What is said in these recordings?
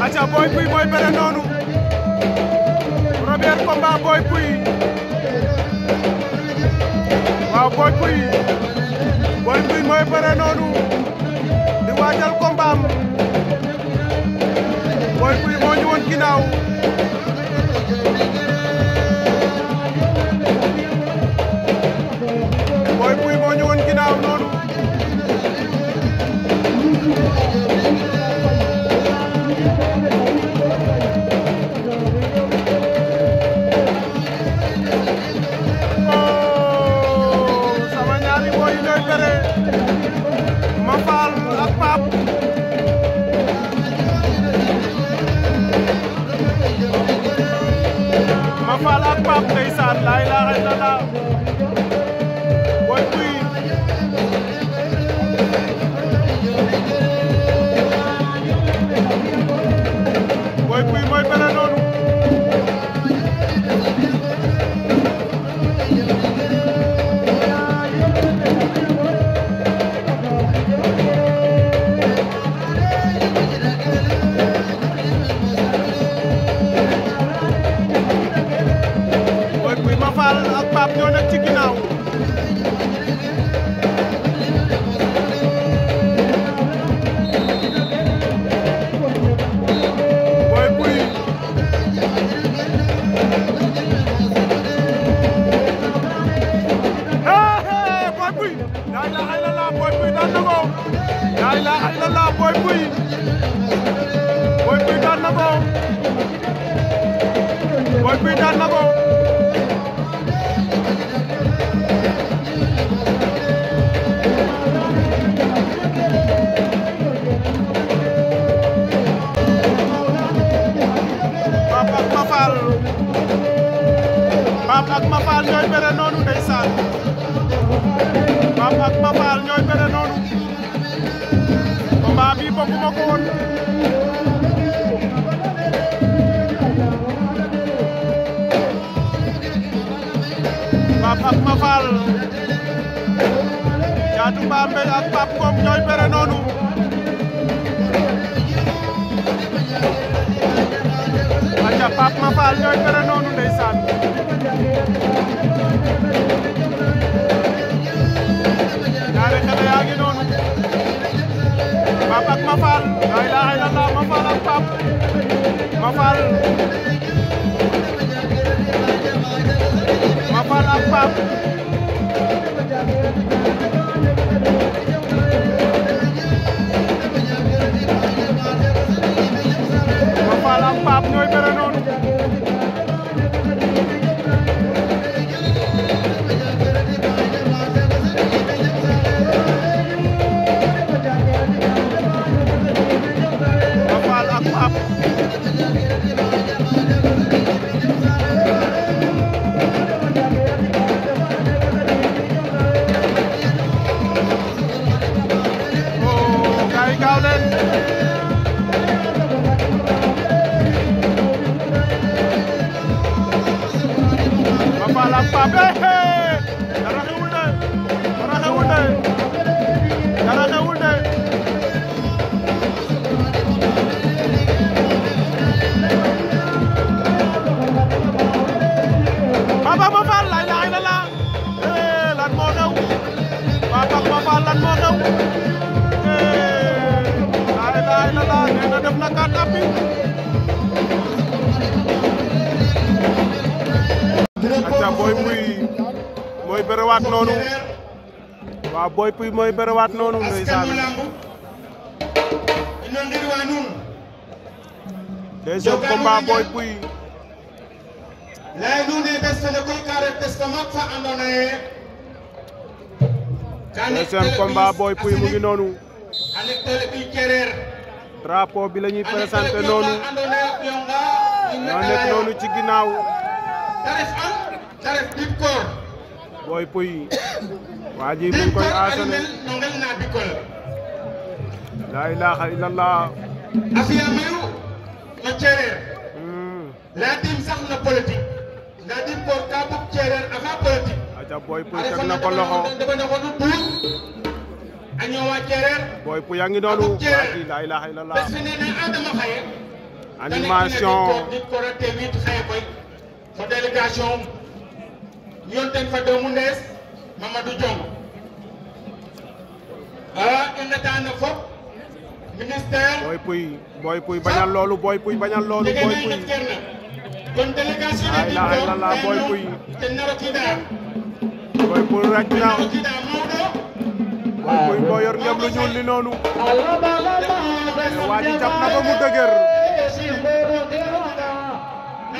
aca Boy Pouye mooy bëre noonu premier combat Boy Pouye waaw Boy Pouye Boy Pouye mooy bëre noonu di waajal combat am Boy Pouye moo ñu yi ak paap ma ak paap ndeysaan आप जो है ak ma faal ñooy bëre noonu ndeysaan Pape ak ma faal ñooy noonu combat bi bëgguma ak ma faal Thiatou ak Pape Ngom ñooy bëre noonu aca Pape ma faal ñooy bëre noonu ndeysaan Pape ak Mafal la ilaha illallah Mafal ak Pape Mafal Mafal ak Pape bërewaat noonu waaw Boy Pouye mooy bërewaat noonu ndeysaan deuxième combat Boy Pouye deuxième combat Boy Pouye mu ngi noonu drapeau bi la ñuy présenté noonu ñoo nekk noonu ci ginnaaw. booy puy waa ji mu koy aasane laa ilaaha illallah afiya no ceereer hmm. laa tiim sax na politique ndaa tiim koor kaa bug ceereer afa politique aca booy puy teg na ko loxo defandaxonu buur a ñoowa booy puy a ngi noonu waa ji laa ilaaha illallah parce Adama xaye animation nit koor a teewit xaye koy fo délégation yonten fa doomu ndees Mamadou Diong ah ina taana fop ministère booy puy booy puy bañal loolu booy puy bañal loolu booy puy kon délégation ay la ay la la booy puy te naro ci daar booy puy raj na booy puy boo yor ngem lu ñuul li noonu waaji jàpp na ba mu dëgër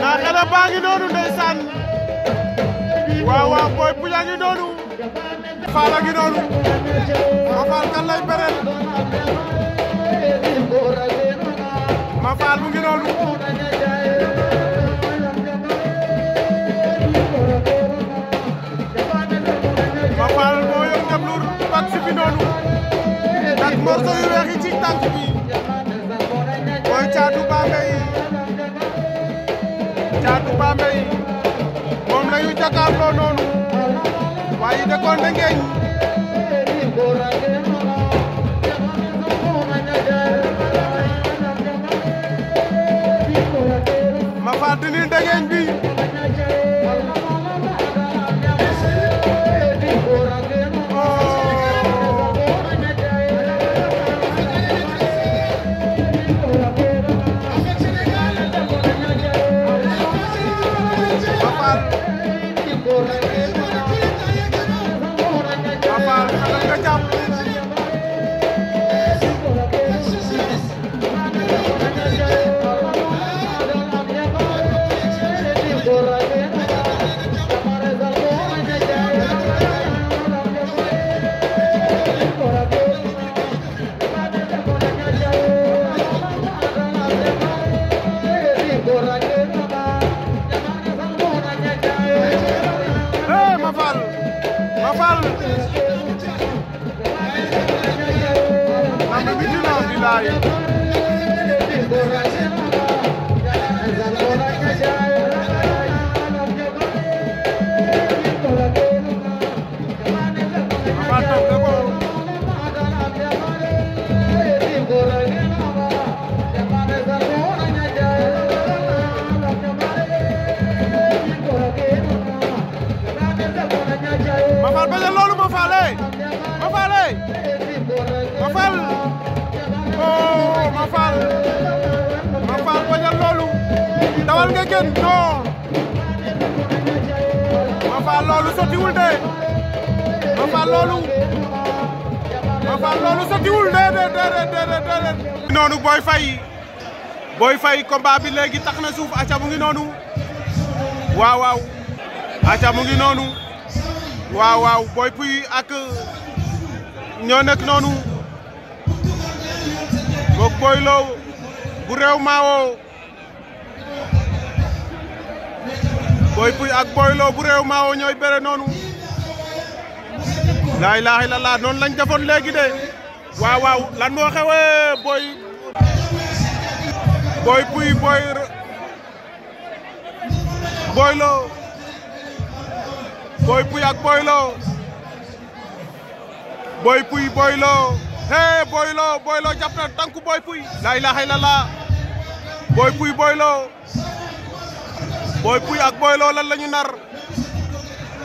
Naaxela baa ngi noonu ndeysaan waaw waaw booy bu yaa ngi noonu faala ngi noonu ma faal kan lay bereel ma faal mu ngi noonu ma faal moo yor ndam lu bak si bi noonu tak morso yu weex yi ci tànk bi booy caatu baa Thiatou Bambey moom la ñu jàkkaarloo noonu waaye dëkkoon na ngeen xool nga gën non ma faal loolu sotiwul de ma faal loolu ma faal loolu sotiwul de de de de de noonu Boy Faye Boy Faye combat bi léegi tax na suuf aca mu ngi noonu waaw waaw aca mu ngi noonu waaw waaw Boy Puy ak ñoo noonu boog Boy Lo bu réew maawoo Boy Pouye ak Boy Lo bu réew maawo ñooy bere noonu laa ilaaha illallaah noonu lañ defoon léegi de waaw waaw lan moo xewee eh, Boy Boy Pouye Boy Boy Lo Boy Pouye ak Boy Lo Boy Lo hey Boy Lo Boy Lo jàpp na tànku Boy Pouye Lo Boy Pouye ak Boy Lo lan lañu nar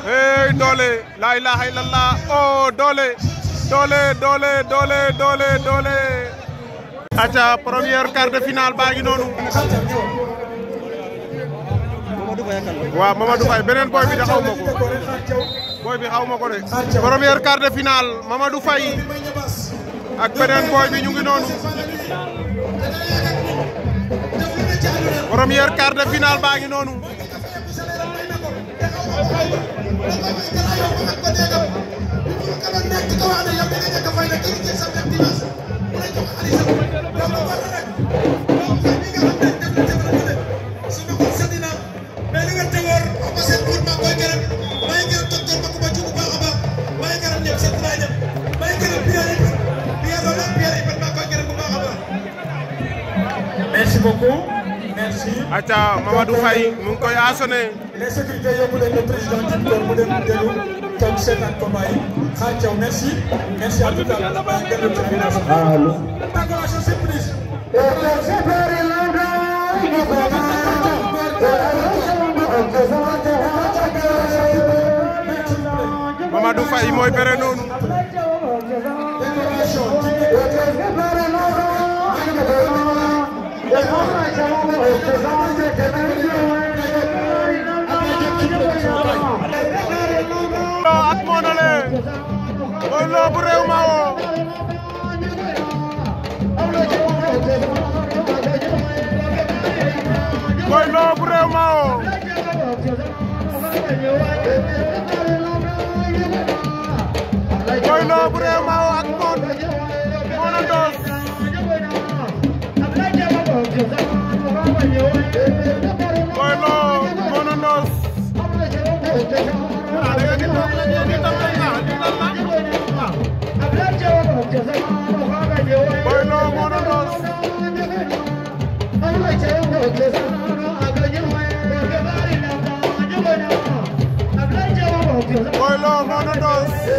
hey doole la ilaha illallah oh doole doole doole doole doole doole aca première quart de finale baa ngi noonu waaw Mamadou Faye beneen boy bi da xaw ma ko boy bi xaw ma de première quart de finale Mamadou Faye ak beneen boy bi ñu ngi noonu première quart de finale baa ngi noonu acca Mamadou Faye mu ngi koy assoné. les sécurité yóbbu leen le président du corps mu dem dellu toog seetaan combat yi xaar caw merci merci en tout cas maa ngi dellu ci finance. allo. décoration surprise. Mamadou Faye mooy bere noonu. ak Modou Lo Modou Lo bu réew ma woo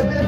baby.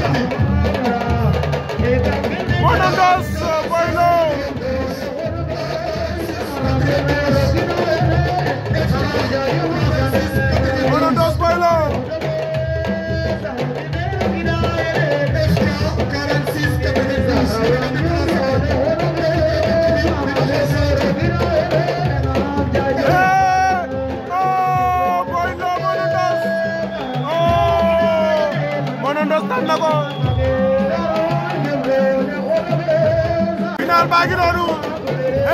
baa ngi noonu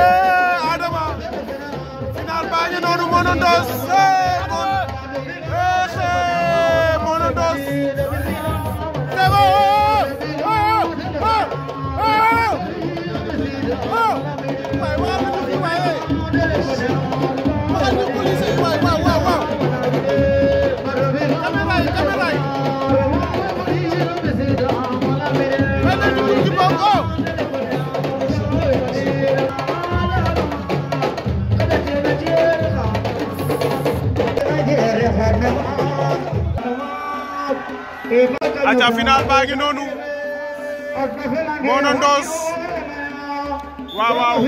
eh Adama final baa ngi noonu Mono Ndoss aca final baa ngi noonu Mono Ndoss waaw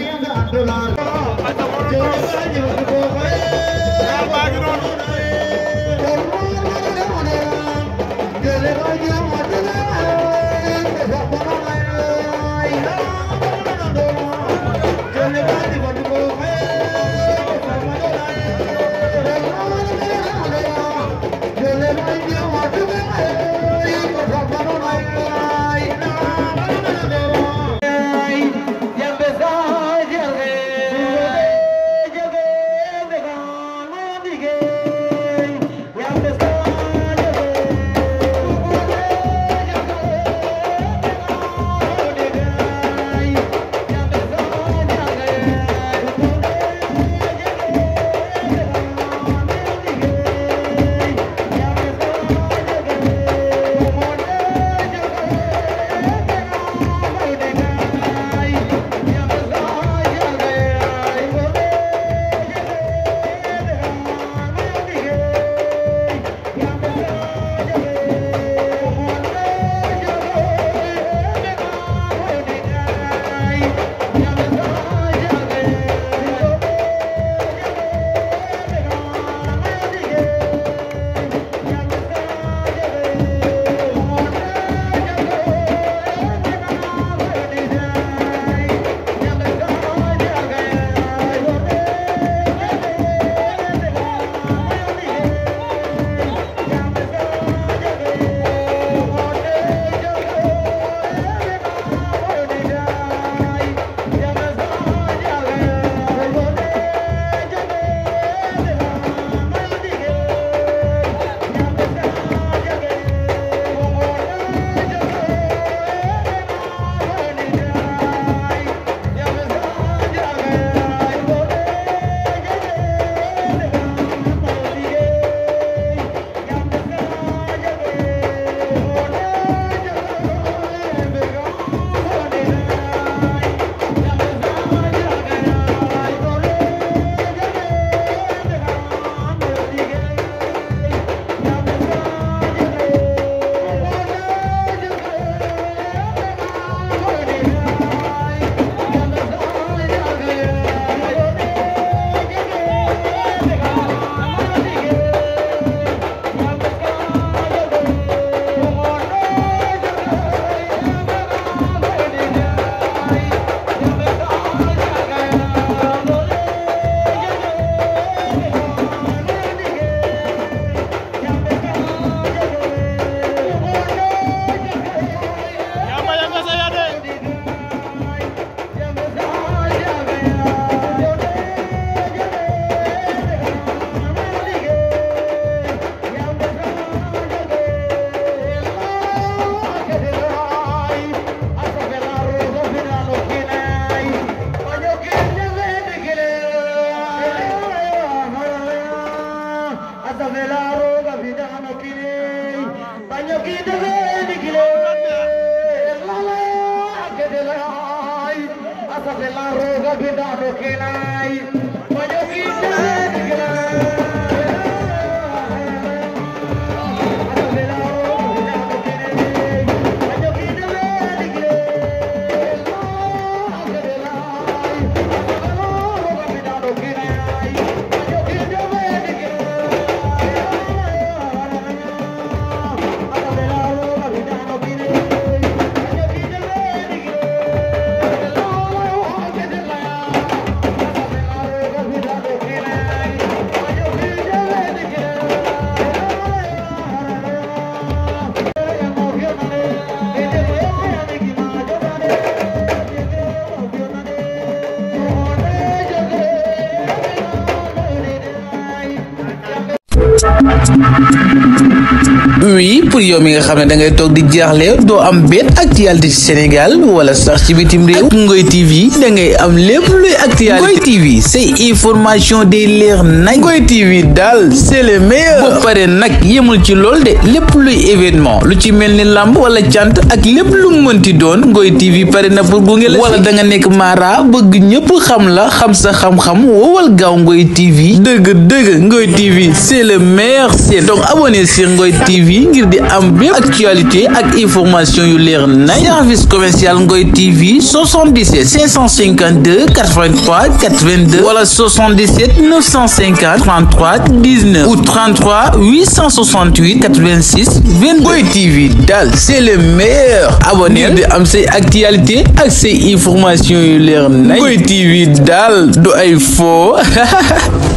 Thank you. oui pour yow mi nga xam da ngay tok di jaaxle do am benn actualité ci Sénégal wala sax ci bitim réew Ngoy TV da ngay am lépp luy actualité Ngoy TV c'est information de leer nañ Ngoy TV dal c'est le meilleur bu paré nak yémul ci lol de lépp luy événement lu ci melni lamb wala cant ak lépp lu mënti doon Ngoy TV paré na pour gunge la wala da nga nek mara bëgg ñëpp xam la xam sa xam-xam wowal gaaw Ngoy TV deug deug Ngoy TV c'est le meilleur c'est donc abonné sur Ngoy TV actualité ak information yu leer service commercial Ngoy TV 77 552 83 82 wala 77 950 33 19 ou 33 868 86 22 Ngoy TV c'est le meilleur abonné de di am actualité ak information yu leer TV